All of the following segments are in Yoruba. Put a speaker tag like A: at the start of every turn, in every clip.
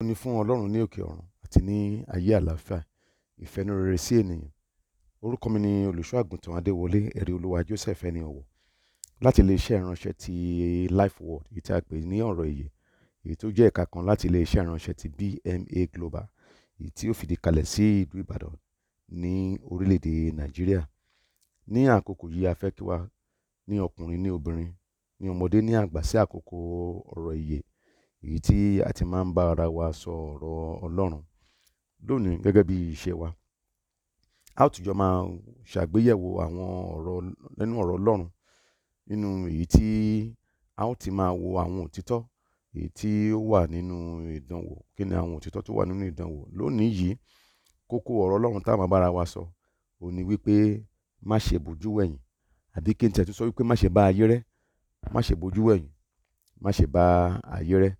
A: Ògo ni fún Ọlọ́run ní òkè ọ̀run àti ní ayé àlàáfíà ìfẹ́nu rere sí ènìyàn. Orúkọ mi ni olùṣọ́ àgùntàn Adéwọlé ẹ̀rí olúwa Joseph ẹni ọ̀wọ̀ láti iléeṣẹ́ ìránṣẹ́ ti Life Word èyí tí a pè ní ọ̀rọ̀ ìyè èyí tó jẹ́ ẹ̀ka kan láti iléeṣẹ́ ìránṣẹ́ ti BMA Global èyí tí ó fìdí kalẹ̀ sí ìlú Ìbàdàn ní orílẹ̀-èdè Nàìjíríà. Ní àkókò yìí a fẹ́ kí wa ní ọkùnrin ní obìnrin ní ọmọdé ní àgbà sí àkókò ọ̀rọ̀ ìyè èyí tí a ti máa ń bá ara wa sọ ọ̀rọ̀ Ọlọ́run. Lónìí gẹ́gẹ́ bí iṣẹ́ wa, a ó tún jọ máa ṣàgbéyẹ̀wò àwọn ọ̀rọ̀ nínú ọ̀rọ̀ Ọlọ́run nínú èyí tí a ó ti máa wo àwọn òtítọ́ èyí tí ó wà nínú ìdánwò. Kí ni àwọn òtítọ́ tó wà nínú ìdánwò? Lónìí yìí, kókó ọ̀rọ̀ Ọlọ́run tá a máa bá ara wa sọ òun ní wípé má ṣe bojú wẹ̀yìn àbí kí n tìẹ tún sọ wípé má ṣe bá ayé rẹ́, má ṣe bojú wẹ̀yìn, má ṣe bá ayé rẹ́.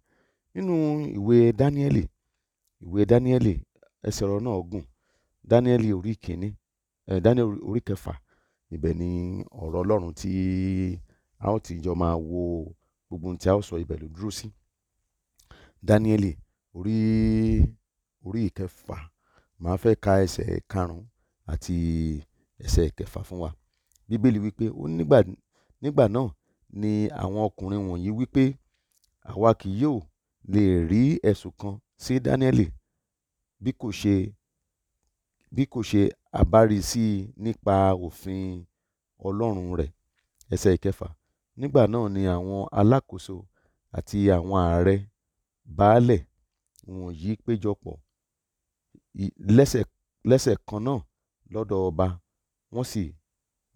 A: Nínú ìwé Dáníẹ́lì, ìwé Dáníẹ́lì, ẹsẹ̀ ọ̀rọ̀ náà gùn. Dáníẹ́lì orí kìíní, eh, orí kẹfà. Ibẹ̀ ni ọ̀rọ̀ Ọlọ́run tí a ó ti jọ máa wo gbogbo ohun tí a ó sọ ibẹ̀ ló dúró sí. Dáníẹ́lì orí, orí ìkẹfà. Màá fẹ́ ka ẹsẹ̀ karùn-ún àti ẹsẹ̀ ìkẹfà fún wa. Bíbélì wípé ó nígbà náà ni àwọn ọkùnrin wọ̀nyí wípé àwa kì yóò lè rí ẹ̀sùn kan sí Daniel. bí kò ṣe bí kò ṣe àbárísí nípa òfin ọlọ́run rẹ̀ ẹsẹ̀ ìkẹfà nígbà náà ni àwọn alákòóso àti àwọn ààrẹ baálẹ̀ wọ̀nyí péjọpọ̀ lẹ́sẹ̀ lẹ́sẹ̀ kan náà lọ́dọ̀ ọba wọ́n sì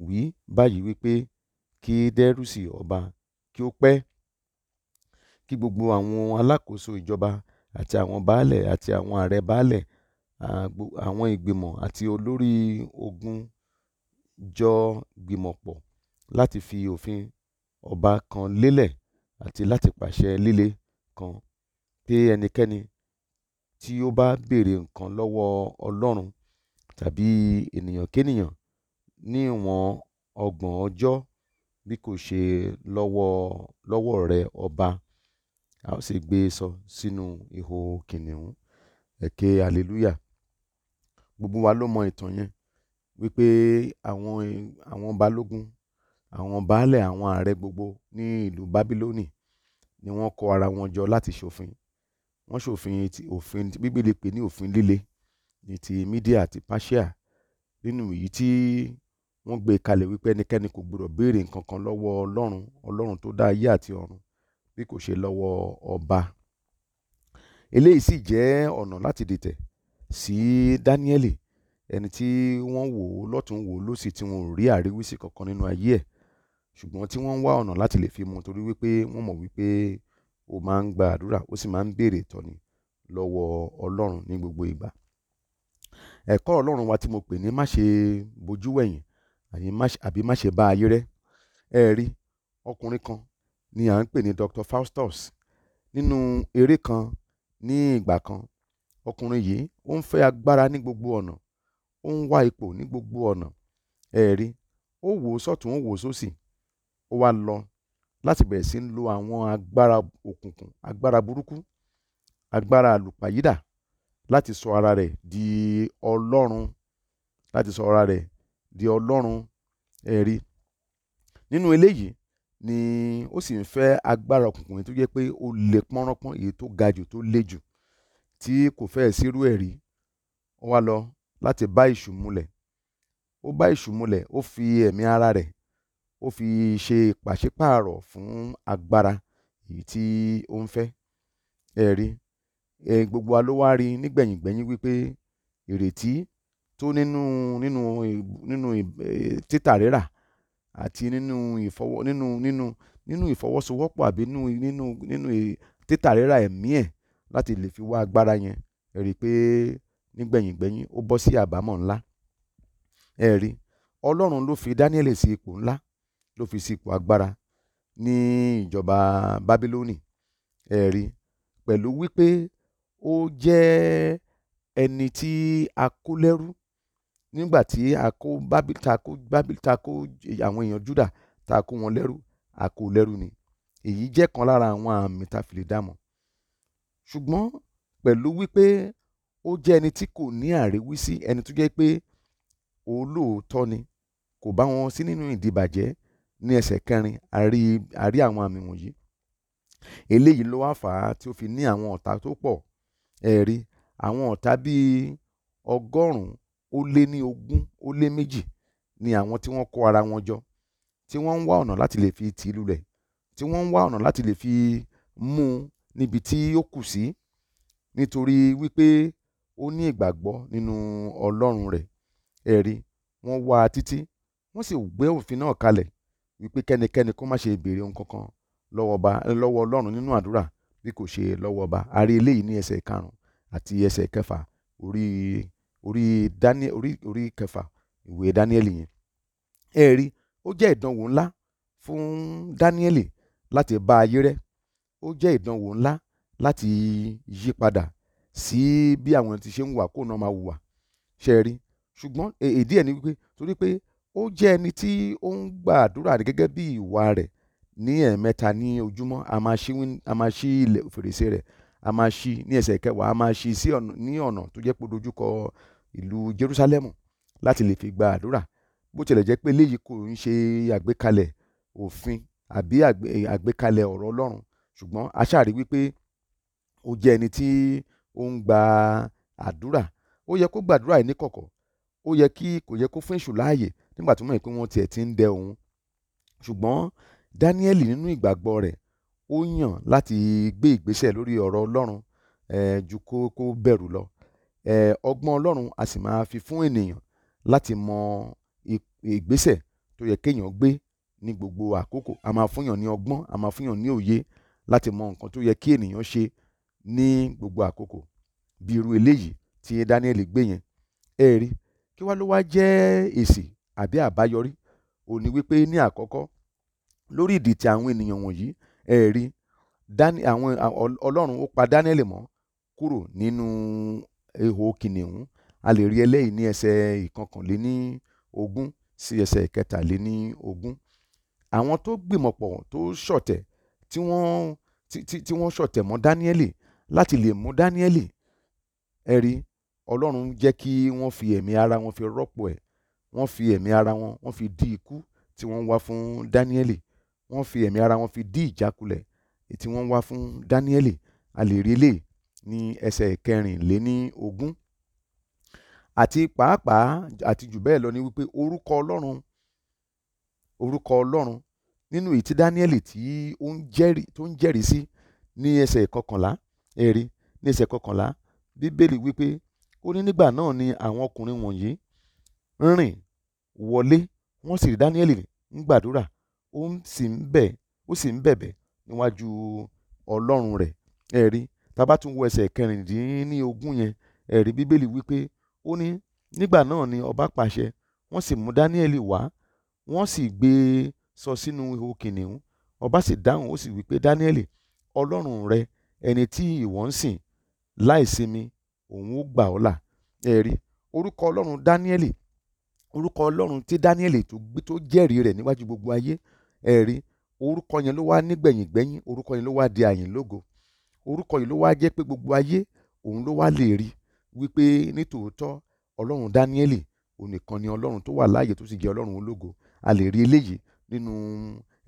A: wí báyìí wípé kí dẹ́rùsì ọba kí ó pẹ́ kí gbogbo àwọn alákòóso ìjọba àti àwọn baálẹ̀ àti àwọn ààrẹ baálẹ̀ àwọn ìgbìmọ̀ àti olórí ogun jọ gbìmọ̀ pọ̀ láti fi òfin ọba kan lélẹ̀ àti láti pàṣẹ líle kan pé ẹnikẹ́ni tí ó bá béèrè nǹkan lọ́wọ́ Ọlọ́run tàbí ènìyànkénìyàn ní ìwọ̀n ọgbọ̀n ọjọ́ bí kò ṣe lọ́wọ́ lọ́wọ́ rẹ ọba a ó sì gbé e sọ sínú ihò kìnnìún. Ẹ ké hallelujah. Gbogbo wa ló mọ ìtàn yẹn wípé àwọn, àwọn balógun, àwọn baálẹ̀, àwọn ààrẹ gbogbo ní ìlú Bábílónì ni wọ́n kó ara wọn jọ láti ṣòfin. Wọ́n ṣòfin ti òfin tí Bíbélì pè ní òfin líle ní ti Media àti Persia. Nínú èyí tí wọ́n gbé kalẹ̀ wípé ẹnikẹ́ni kò gbọdọ̀ béèrè nǹkan kan lọ́wọ́ Ọlọ́run, Ọlọ́run tó dá ayé àti ọ̀run bí kò ṣe lọ́wọ́ ọba eléyìí sì jẹ́ ọ̀nà láti dìtẹ̀ sí Dáníẹ́lì ẹni tí wọ́n wò ó lọ́tún wò ó lọ́sì tí wọn ò rí àríwísí kankan nínú ayé ẹ̀ ṣùgbọ́n tí wọ́n ń wá ọ̀nà láti lè fi mú torí wípé wọ́n mọ̀ wípé ó máa ń gba àdúrà ó sì máa ń béèrè ìtọ́ni lọ́wọ́ Ọlọ́run ní gbogbo ìgbà ẹ̀kọ́ Ọlọ́run wa tí mo pè ní má ṣe bojú wẹ̀yìn àbí má ṣe bá ayé rẹ́ ẹ ọkùnrin kan ni à ń pè ní Dr. Faustus nínú eré kan ní ìgbà kan ọkùnrin yìí ó ń fẹ́ agbára ní gbogbo ọ̀nà ó ń wá ipò ní gbogbo ọ̀nà ẹ̀rí ó wò ó sọ́tún ó wò ó sósì ó wá lọ láti bẹ̀rẹ̀ sí ń lo àwọn agbára òkùnkùn agbára burúkú agbára àlùpàyídà láti sọ ara rẹ̀ di ọlọ́run láti sọ ara rẹ̀ di ọlọ́run ẹ̀rí nínú eléyìí ni ó sì ń fẹ́ agbára òkùnkùn yìí tó jẹ́ pé ó le pọ́nrọ́pọ́n èyí tó ga jù tó le jù tí kò fẹ́ẹ̀ sírú ẹ̀ rí ó wá lọ láti bá ìṣù múlẹ̀ ó bá ìṣù múlẹ̀ ó fi ẹ̀mí ara rẹ̀ ó fi ṣe pàṣípààrọ̀ fún agbára èyí tí ó ń fẹ́ ẹ̀rí gbogbo wa nígbẹ̀yìngbẹ̀yìn wípé ìrètí tó nínú nínú nínú títà rírà àti nínú ìfọwọ́ nínú nínú nínú ìfọwọ́sowọ́pọ̀ àbí nínú nínú nínú e, títà rírà ẹ̀mí ẹ̀ láti lè fi wá agbára yẹn ẹ rí i pé nígbẹ̀yìngbẹ́yín ó bọ́ sí àbámọ̀ ńlá ẹ rí ọlọ́run ló fi dáníẹ́lì sí ipò ńlá ló fi sí ipò agbára ní ìjọba bábílónì ẹ rí pẹ̀lú wípé ó jẹ́ ẹni tí a kó lẹ́rú nígbà tí a kó bábí ta kó bábí ta kó àwọn èèyàn Júdà ta kó wọn lẹ́rú a kó lẹ́rú ni èyí jẹ́ kan lára àwọn àmì tá fi lè dámọ̀ ṣùgbọ́n pẹ̀lú wípé ó jẹ́ ẹni tí kò ní àríwísí ẹni tó jẹ́ pé olóòótọ́ ni kò bá wọn sí nínú ìdìbàjẹ́ ní ẹsẹ̀ kẹrin àrí àwọn àmì wọ̀nyí eléyìí ló wá fà á tí ó fi ní àwọn ọ̀tá tó pọ̀ ẹ̀rí àwọn ọ̀tá bíi ọgọ́rùn-ún ó lé ní ogún ó lé méjì ni àwọn tí wọ́n kó ara wọn jọ tí wọ́n ń wá ọ̀nà láti lè fi tì í lulẹ̀ tí wọ́n ń wá ọ̀nà láti lè fi mú un níbi tí ó kù sí nítorí wípé ó ní ìgbàgbọ́ nínú ọlọ́run rẹ̀ ẹ̀rí wọ́n wá a títí wọ́n sì gbé òfin náà kalẹ̀ wípé kẹ́nikẹ́ni kó má ṣe béèrè ohun kankan lọ́wọ́ ọlọ́run nínú àdúrà bí kò ṣe lọ́wọ́ ọba a rí eléyìí ní ẹsẹ̀ karùn-ún àti ẹsẹ̀ kẹfà orí orí Daniel orí orí kẹfà ìwé Daniel yẹn ẹ rí ó jẹ́ ìdánwò ńlá fún Daniel láti bá ayé rẹ̀ ó jẹ́ ìdánwò ńlá láti yí padà sí bí àwọn ti ṣe ń wà kó náà máa wà ṣe rí ṣùgbọ́n e, ìdí ẹ̀ ni wípé torí pé ó jẹ́ ẹni tí ó ń gbàdúrà rẹ̀ bí ìwà rẹ̀ ní ẹ̀ẹ̀mẹta ní ojúmọ́ a máa ṣí ilẹ̀ fèrèsé rẹ̀ a máa ṣí ní ẹsẹ̀ kẹwàá a máa ṣí sí ní ọ̀nà tó jẹ́ pé dojúkọ ìlú Jerúsálẹ́mù láti lè fi gba àdúrà bó tilẹ̀ jẹ́ pé léyìí kò ń ṣe àgbékalẹ̀ òfin àbí àgbékalẹ̀ ọ̀rọ̀ Ọlọ́run ṣùgbọ́n a ṣáà rí wípé ó jẹ́ ẹni tí ó ń gba àdúrà ó yẹ kó gbàdúrà yìí níkọ̀kọ̀ ó yẹ kí kò yẹ kó fún èṣù láàyè nígbà tó mọ̀ pé wọ́n tiẹ̀ ti ń dẹ òun ṣùgbọ́n Dáníẹ́lì nínú ìgbàgbọ́ rẹ̀ ó yàn láti gbé ìgbésẹ̀ lórí ọ̀rọ̀ ọlọ́run um ju kó kó bẹ̀rù lọ um ọgbọ́n ọlọ́run a sì máa fi fún ènìyàn láti mọ ìgbésẹ̀ tó yẹ kéèyàn gbé ní gbogbo àkókò a máa fúnyàn ní ọgbọ́n a máa fúnyàn ní òye láti mọ nǹkan tó yẹ kí ènìyàn ṣe ní gbogbo àkókò bí irú eléyìí tí Daniel gbé yẹn ẹ rí kí wá ló wá jẹ́ èsì àbí àbáyọrí òní wípé ní àkọ́kọ́ lórí ìdí tí àwọn ènìyàn wọ̀nyí ẹ rí àwọn ọlọ́run ó pa Daniel mọ́ kúrò nínú ihò kìnìún a lè rí eléyìí ní ẹsẹ̀ ìkọkànléní ogún sí ẹsẹ̀ ìkẹtàléní ogún àwọn tó gbìmọ̀pọ̀ tó ṣọ̀tẹ̀ tí wọ́n tí wọ́n ṣọ̀tẹ̀ mọ́ Daniel láti lè mú Daniel ẹ rí ọlọ́run jẹ́ kí wọ́n fi ẹ̀mí ara wọn fi rọ́pò ẹ̀ wọ́n fi ẹ̀mí ara wọn wọ́n fi dí ikú tí wọ́n wá fún Daniel wọ́n fi ẹ̀mí ara wọn fi dí ìjákulẹ̀ tí wọ́n wá fún Dáníẹ́lì a lè rí eléyìí ní ẹsẹ̀ kẹrìnléní ogún àti pàápàá àti jù bẹ́ẹ̀ lọ ni wípé orúkọ Ọlọ́run orúkọ Ọlọ́run nínú èyí tí Dáníẹ́lì tí ó ń jẹ́rìí tó ń jẹ́rìí sí ní ẹsẹ̀ kọkànlá ẹ̀rí ní ẹsẹ̀ kọkànlá bíbélì wípé ó ní nígbà náà ni àwọn ọkùnrin wọ̀nyí rìn wọlé wọ́n sì rí Dáníẹ́lì ń gbàdúrà ó sì ń bẹ̀ ó sì ń bẹ̀bẹ̀ níwájú ọlọ́run rẹ̀ ẹ rí tá a tún wo ẹsẹ̀ kẹrìndínlógún yẹn ẹ rí bíbélì wípé ó ní nígbà náà ni ọba pàṣẹ wọ́n sì mú dáníẹ́lì wá wọ́n sì gbé e sọ sínú ihò kìnìún ọba sì dáhùn ó sì wípé dáníẹ́lì ọlọ́run rẹ ẹni tí ìwọ ń sìn láìsinmi òun ó gbà ọ́ là ẹ rí orúkọ ọlọ́run dáníẹ́lì orúkọ ọlọ́run tí dáníẹ́lì tó jẹ́rìí rẹ̀ níwájú gbogbo ayé ẹ̀rí orúkọ yẹn ló wá nígbẹ̀yìngbẹ́yìn orúkọ yẹn ló wá di àyìnlógo orúkọ yìí ló wá jẹ́ pé gbogbo ayé òun ló wá lè rí wípé nítòótọ́ ọlọ́run dáníẹ́lì òun nìkan ni ọlọ́run tó wà láàyè tó sì jẹ́ ọlọ́run ológo a lè rí eléyìí nínú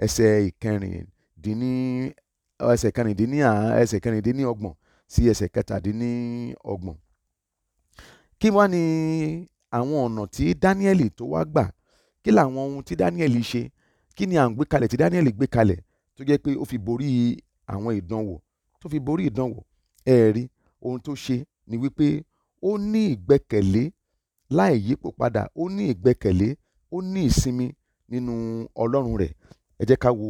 A: ẹsẹ̀ ìkẹrìndínní ẹsẹ̀ kẹrìndínní ẹsẹ̀ kẹrìndínní ọgbọ̀n sí ẹsẹ̀ kẹtàdínní ọgbọ̀n kí wá ni àwọn ọ̀nà tí dáníẹ́lì tó wá gbà kí làwọn ohun tí dáníẹ́lì ṣe kí ni à ń gbé kalẹ̀ tí Daniel gbé kalẹ̀ tó jẹ́ pé ó fi borí àwọn ìdánwò tó fi borí ìdánwò ẹ̀rí ohun tó ṣe ni wípé ó ní ìgbẹ́kẹ̀lé láì yípo padà ó ní ìgbẹ́kẹ̀lé ó ní ìsinmi nínú ọlọ́run rẹ̀ ẹ jẹ́ ká wo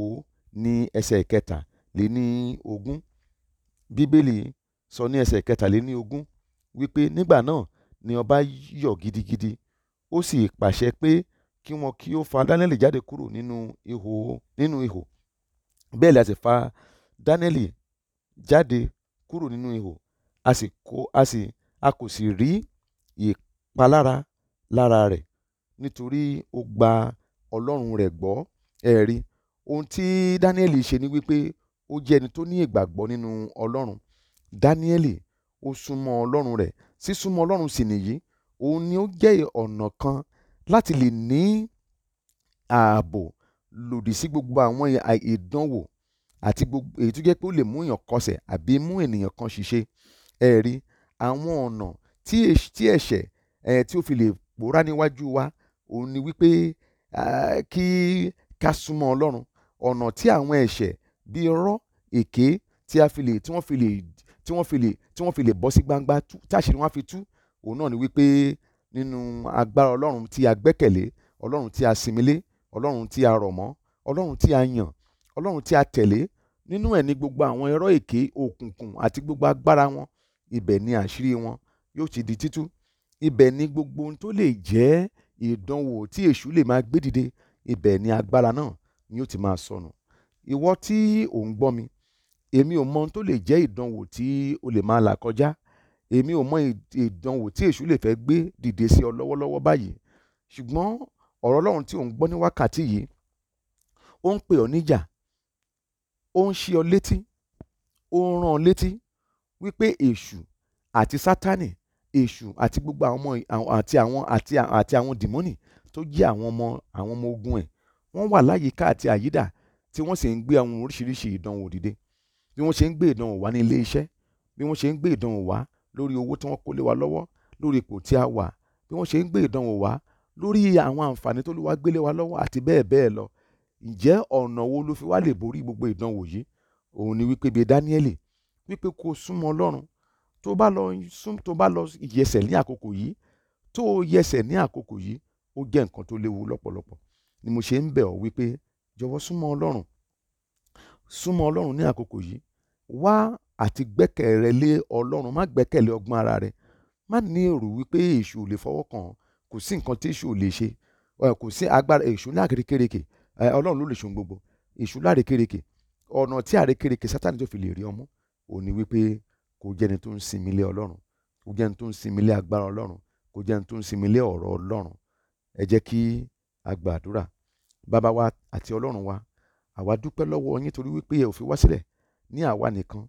A: ní ẹsẹ̀ ìkẹta lé ní ogún bíbélì sọ ní ẹsẹ̀ ìkẹta lé ní ogún wípé nígbà náà ni ọba yọ̀ gidigidi ó sì pàṣẹ pé kí wọn kí ó fa Daniel jáde kúrò nínú ihò nínú ihò bẹ́ẹ̀ la sì fa Daniel jáde kúrò nínú ihò a sì kó a sì a kò sì rí ìpalára lára rẹ̀ nítorí ó gba Ọlọ́run rẹ̀ gbọ́ ẹ̀rí ohun tí Daniel ṣe ni wípé ó jẹ́ ẹni tó ní ìgbàgbọ́ nínú Ọlọ́run Daniel ó súnmọ́ Ọlọ́run rẹ̀ sísúnmọ́ Ọlọ́run sì nìyí òun ni ó jẹ́ ọ̀nà kan láti lè ní ààbò lòdì sí gbogbo àwọn ìdánwò àti gbogbo èyí tó jẹ́ pé ó lè mú èèyàn kọsẹ̀ àbí mú ènìyàn kan ṣìṣe ẹ̀rí àwọn ọ̀nà tí e, ẹ̀ṣẹ̀ tí ó fi lè pòórá níwájú wa òun ni wípé kí ká súnmọ́ ọlọ́run ọ̀nà tí àwọn ẹ̀ṣẹ̀ bíi irọ́ èké tí wọ́n fi lè bọ́ sí gbangba táṣìírí wọn fi tú òun náà ni wípé nínú agbára ọlọ́run tí a gbẹ́kẹ̀lé ọlọ́run tí a sinmilé ọlọ́run tí a rọ̀ mọ́ ọlọ́run tí a yàn ọlọ́run tí a tẹ̀lé nínú ẹ̀ ní gbogbo àwọn irọ́ èké òkùnkùn àti gbogbo agbára wọn ibẹ̀ ni àṣírí wọn yóò ti di títú ibẹ̀ ni gbogbo ohun tó lè jẹ́ ìdánwò tí èṣù lè máa gbé dìde ibẹ̀ ni agbára náà ni ó ti máa sọnù ìwọ tí ò ń gbọ́ mi èmi ò mọ ohun tó lè jẹ́ ìdánwò tí o lè máa là kọjá èmi ò mọ ìdánwò tí èṣù lè fẹ́ gbé dìde sí ọ lọ́wọ́lọ́wọ́ báyìí ṣùgbọ́n ọ̀rọ̀ ọlọ́run tí ò ń gbọ́ ní wákàtí yìí ó ń pè ọ níjà ó ń ṣe ọ létí ó ń rán ọ létí wípé èṣù àti sátánì èṣù àti gbogbo àwọn ọmọ àti àwọn àti àti àwọn dìmọ́nì tó jẹ́ àwọn ọmọ àwọn ọmọ ogun ẹ̀ wọ́n wà láyìíká àti àyídà tí wọ́n sì ń gbé àwọn oríṣiríṣi ìdánwò dìde bí wọ́n ṣe ń gbé ìdánwò wá ní ilé iṣẹ́ bí wọ́n ṣe ń gbé ìdánwò wá lórí owó tí wọ́n kó lé wa lọ́wọ́ lórí ipò tí a wà bí wọ́n ṣe ń gbé ìdánwò wá lórí àwọn àǹfààní tó ló wá gbélé wa lọ́wọ́ àti bẹ́ẹ̀ bẹ́ẹ̀ lọ ǹjẹ́ ọ̀nà wo ló fi wá lè borí gbogbo ìdánwò yìí òun ni wípé bíi Dáníẹ́lì wípé kó súnmọ́ Ọlọ́run tó bá lọ sún tó bá lọ yẹsẹ̀ ní àkókò yìí tó yẹsẹ̀ ní àkókò yìí ó jẹ́ nǹkan tó léwu lọ́pọ̀lọpọ̀ ni mo ṣe ń bẹ̀ ọ́ wípé jọ̀wọ́ súnmọ́ Ọlọ́run súnmọ́ Ọlọ́run ní àkókò yìí wá àti gbẹ́kẹ̀ rẹ lé ọlọ́run má gbẹ́kẹ̀lé ọgbọ́n ara rẹ má ní èrò wípé èṣù ò lè fọwọ́ kàn kò sí nǹkan tí èṣù ò lè ṣe kò sí agbára èṣù láàkérékèrèké ọlọ́run ló lè ṣohun gbogbo èṣù láàkérékèrèké ọ̀nà tí àrékèrèké sátani tó fi lè rí ọmú ò ní wípé kò jẹ́ni tó ń sinmi lé ọlọ́run kò jẹ́ni tó ń sinmi lé agbára ọlọ́run kò jẹ́ni tó ń sinmi lé ọ̀rọ̀ ọlọ́run ẹ jẹ́ kí a gba bàbá wa àti ọlọ́run wa àwa dúpẹ́ lọ́wọ́ yín torí wípé ẹ ò fi wá sílẹ̀ ní àwa nìkan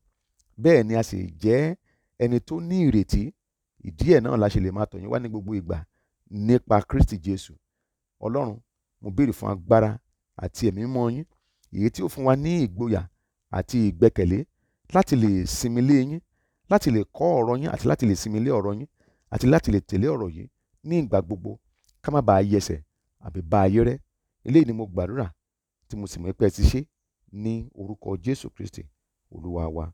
A: bẹ́ẹ̀ ni a sì jẹ́ ẹni tó ní ìrètí ìdí ẹ̀ náà la ṣe lè máa tọ̀ wá ní gbogbo ìgbà nípa Kristi Jésù Ọlọ́run mo béèrè fún agbára àti ẹ̀mí mọ́ yín èyí tí ó fún wa ní ìgboyà àti ìgbẹ́kẹ̀lé láti lè sinmi lé yín láti lè kọ́ ọ̀rọ̀ yín àti láti lè sinmi lé ọ̀rọ̀ yín àti láti lè tẹ̀lé ọ̀rọ̀ yìí ní ìgbà gbogbo ká má bàa yẹsẹ̀ àbí ba ayé rẹ́ eléyìí ni mo gbàdúrà tí mo sì mọ̀ pé ẹ ti ṣe ní orúkọ Jésù Kristi Olúwa wa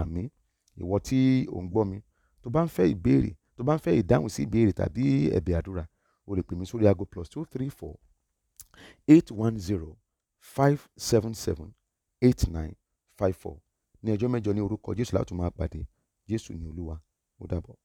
A: àmín. Ìwọ tí ò ń gbọ́ mi, tó bá ń fẹ́ ìbéèrè, tó bá ń fẹ́ ìdáhùn sí ìbéèrè tàbí ẹ̀bẹ̀ àdúrà, o lè pè mí sórí ago plus two three four eight one zero five seven seven eight nine five four. Ní ọjọ́ mẹ́jọ ní orúkọ Jésù láti máa pàdé. Jésù ni Olúwa. Ó dàbọ̀.